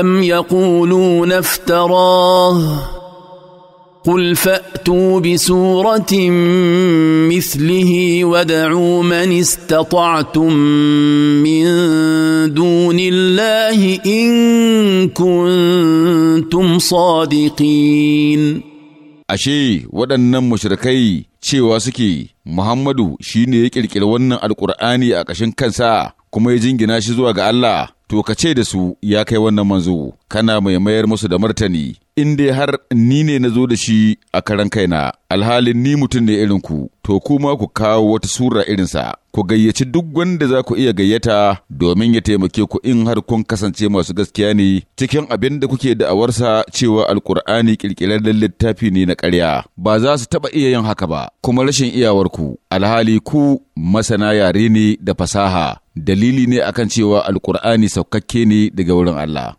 أم يقولون افتراه قل فأتوا بسورة مثله وادعوا من استطعتم من دون الله إن كنتم صادقين Ashe waɗannan mashirkai cewa suke Muhammadu shi ne ya ƙirƙiri wannan alƙur'ani a ƙashin kansa kuma ya jingina shi zuwa ga Allah to ka ce da su ya kai wannan manzo kana mai mayar musu da martani in dai har ni ne na zo da shi a karan kaina alhalin ni mutum ne irin ku to kuma ku kawo wata sura irinsa ku gayyaci duk wanda za ku iya gayyata domin ya taimake ku in har kun kasance masu gaskiya ne cikin abin da kuke da'awarsa cewa alkur'ani kirkirarren littafi ne na karya. ba za su taɓa iya yin haka ba kuma rashin iyawarku alhali ku masana yare ne da fasaha dalili ne akan cewa alkur'ani saukakke ne daga wurin Allah.